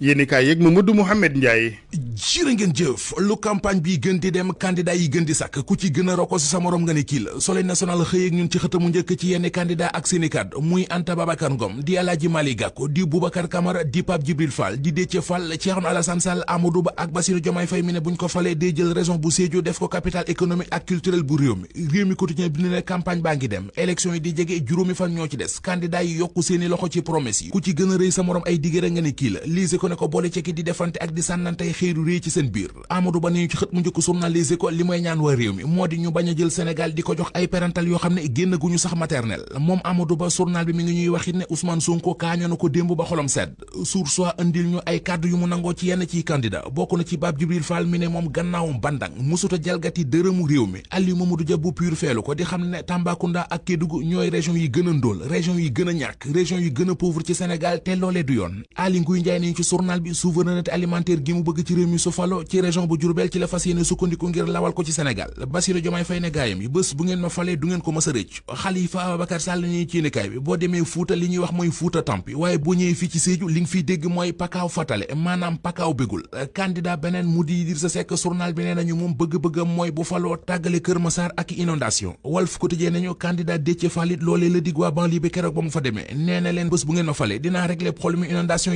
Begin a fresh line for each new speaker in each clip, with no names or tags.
yi. yéen i kaay yeeg Mamadou Mouhamed Ndiaye. jërë ngeen jëf lu campagne bi gën di dem candidat yi gën di sàkk ku ci gën a roko si sa morom nga kii la soleil national xëy ak ñun njëkk ci yenn candidat ak seeni kàddu muy Anta Babacar Ngom di Alaaji Mali Gàkko di Boubacar Camara di Pape Djibril Fall di Déthié Fall Thierno Alassane Sall Amadou Ba ngi dem élection yi di jege juróomi fan ñoo ci des candidat yi yokku seeni loxo ci promesse yi ku ci a rëy sa morom ay digéra nga ne kii la lise ko ne ko boole ci di defante ak di sànnantey xéeru réy ci seen biir Amadou Ba ni ci xët mu njëkk journal Les li may ñaan waa réew mi moo di ñu bañ a jël Sénégal di ko jox ay parental yoo xam ne génn gu ñu sax maternel moom Amadou Ba journal bi mi ngi ñuy waxit ne Ousmane Sonko kaañoo na ko démb ba xolam sedd sur soit andil ñu ay kàddu yu mu nangoo ci yenn ciy candidat bokk na ci Pape Djibril Fall mi ne moom gannaawum bandang musuta jalgati dërëmu réew mi Aliou Mamadou Dia bu pur feelu ko di xam ne a a a su falo ci région bu Diourbel ci la fas yéene sukkandiku ngir lawal ko ci Sénégal Bassirou Diomaye Faye ne gaayam yi bés bu ngeen ma falee du ngeen ko mës a rëcc Khalifa Ababacar Sall ni ci nikaay bi boo demee Fuuta li ñuy wax mooy Fuuta tampi waaye boo ñëwee fii ci Sédhiou li nga fiy dégg mooy pakaaw fatale maanaam pakaaw bégul candidat beneen mu di Idrissa Seck journal bi nee nañu moom bëgg-bëggam mooy bu faloo tàggale Kër Massar ak inondation Walf Quotidien nee leen bés bu ngeen ma falee dinaa régler problème inondation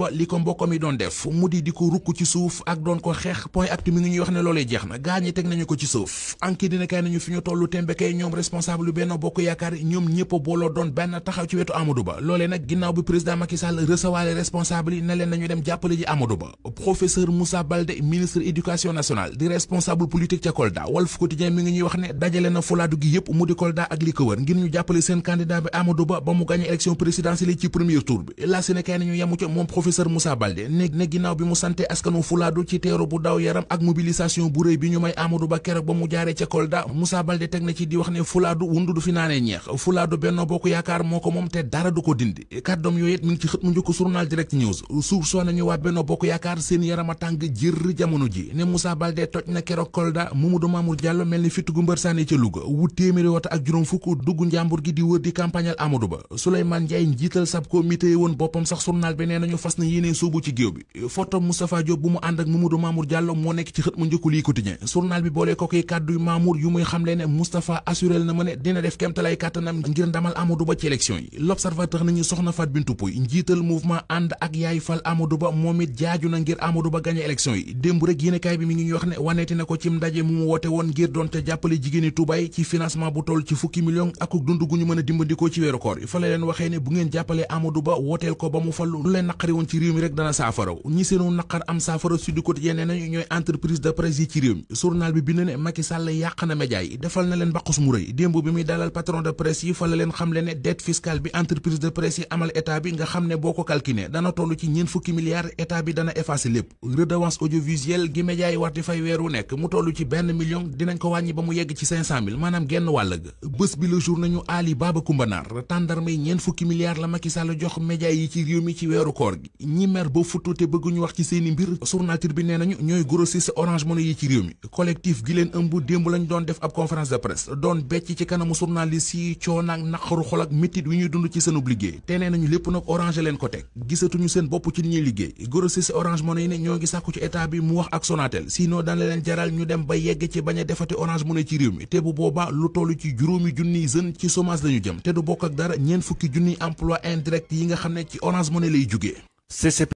ba li ko mbokkam yi doon def mu di di ko rukk ci suuf ak doon ko xeex point actu mi ngi ñuy wax ne loolee jeex na gaa ñi teg nañu ko ci suuf anki dina kay nañu fi ñu tollu tembe kay ñoom responsable yu benn bokk yaakaar ñoom ñëpp booloo doon benn taxaw ci wetu Amadou Ba loolee nag ginnaaw bi président Macky Sall responsable yi ne nañu dem jàppale ji Amadou Ba professeur Moussa Baldé ministre éducation nationale di responsable politique ca Kolda professeur Moussa Baldé ne ne ginnaaw bi mu sante askanu fulaadu ci teeru bu daw yaram ak mobilisation bu rëy bi ñu may Amadou Ba keroog ba mu jaaree ca Kolda Moussa Baldé teg na ci di wax ne fulaadu wundu nañu waa Benno Bokk Yaakaar seen yaram a tàng jër jamono ji ne Moussa Baldé toj na keroog Kolda Mamadou Mamour Diallo mel ni fitt gu sànni ca Louga wu téeméeri wata ak juróom fukk dugg njàmbur gi di wër di campagnal Amadou Ba Souleymane Ndiaye njiital sab comité woon boppam sax journal bi nee nañu fas na yéene soobu nañu soxna Fat Bintou Pouy njiital mouvement ak yaay fal Amadou Ba moom it jaaju na ngir Amadou Ba gagné élection yi démb rek yéenekaay bi mi ngi wax ne waneeti na ko cim ndaje mu mu woote woon ngir doonte jàppale jigéeni Tuubaay ci financement bu toll ci fukki million ak dund gu ñu mën a dimbandikoo ci weeru koor yi fa waxee ne bu ngeen jàppalee Amadou Ba wooteel ko ba mu fallu leen naqari woon ci réew mi rek dana saafara ñi seenu naqar am saafara Sud Quotidien nee nañu ñooy entreprise de presse yi ci réew mi journal bi bind ne Macky Sall yàq na média yi defal na leen baqus mu rëy démb bi muy dalal patron de presse yi fa la leen xam le ne dette fiscale bi entreprise de presse yi amal état bi nga xam ne boo ko calculé dana toll ci ñeent fukki milliards état bi dana effacé lépp redevance audiovisuelle gi média war di fay weer wu nekk mu toll ci benn million dinañ ko wàññi ba mu yegg ci cinq cent mille maanaam genn wàll nañu Ali Baba Koumba Naar tàndarma yi ñeent fukki milliards la Macky Sall jox yi ci réew mi ci weeru koor gi ñi mer ba futtute bëgguñu wax ci seeni mbir journaliste bi nee nañu ñooy grossiste Orange Money yi ci réew mi collectif gi leen ëmb démb lañ doon def ab conférence de presse doon becc ci kanamu journaliste yi coono ak naqaru xol ak métit wi ñuy dund ci seenub liggéey te nee nañu lépp nag orange leen ko teg gisatuñu seen bopp ci li ñuy liggéey grossiste Orange Money yi ne ñoo ngi sàkku ci état bi mu wax ak Sonatel sinon dana leen jaral ñu dem ba yegg ci bañ a defati Orange Money ci réew mi te bu boobaa lu toll ci juróomi junniy jeunes ci chômage lañu jëm te du bokk ak dara ñeen fukki junniy emploi indirect yi nga xam ne ci Orange Money lay jugee CCP